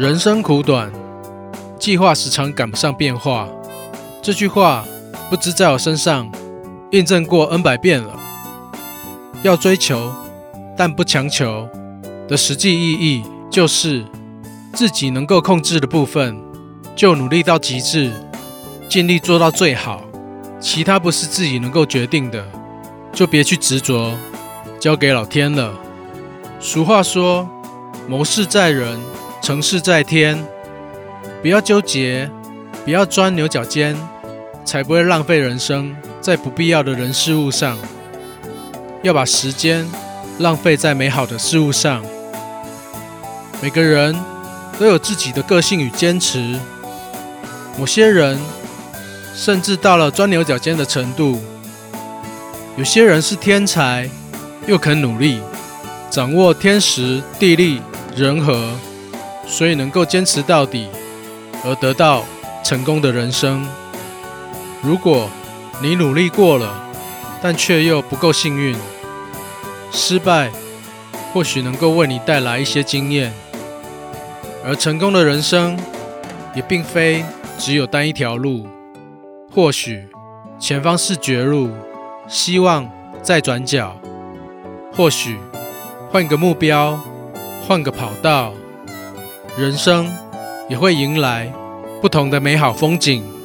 人生苦短，計劃時常趕不上變化。這句話不知在我身上印證過 N 百遍了。要追求，但不強求的實際意義就是，自己能夠控制的部分就努力到極致，盡力做到最好。其他不是自己能夠決定的，就別去執着，交給老天了。俗話說，謀事在人。成事在天，不要糾結，不要鑽牛角尖，才不會浪費人生在不必要的人事物上。要把時間浪費在美好的事物上。每個人都有自己的個性與堅持，某些人甚至到了鑽牛角尖的程度。有些人是天才，又肯努力，掌握天時、地利、人和。所以能夠堅持到底而得到成功的人生。如果你努力過了，但卻又不夠幸運，失敗或許能夠為你帶來一些經驗，而成功的人生也並非只有單一條路。或許前方是絕路，希望在轉角；或許換個目標，換個跑道。人生也會迎來不同的美好風景。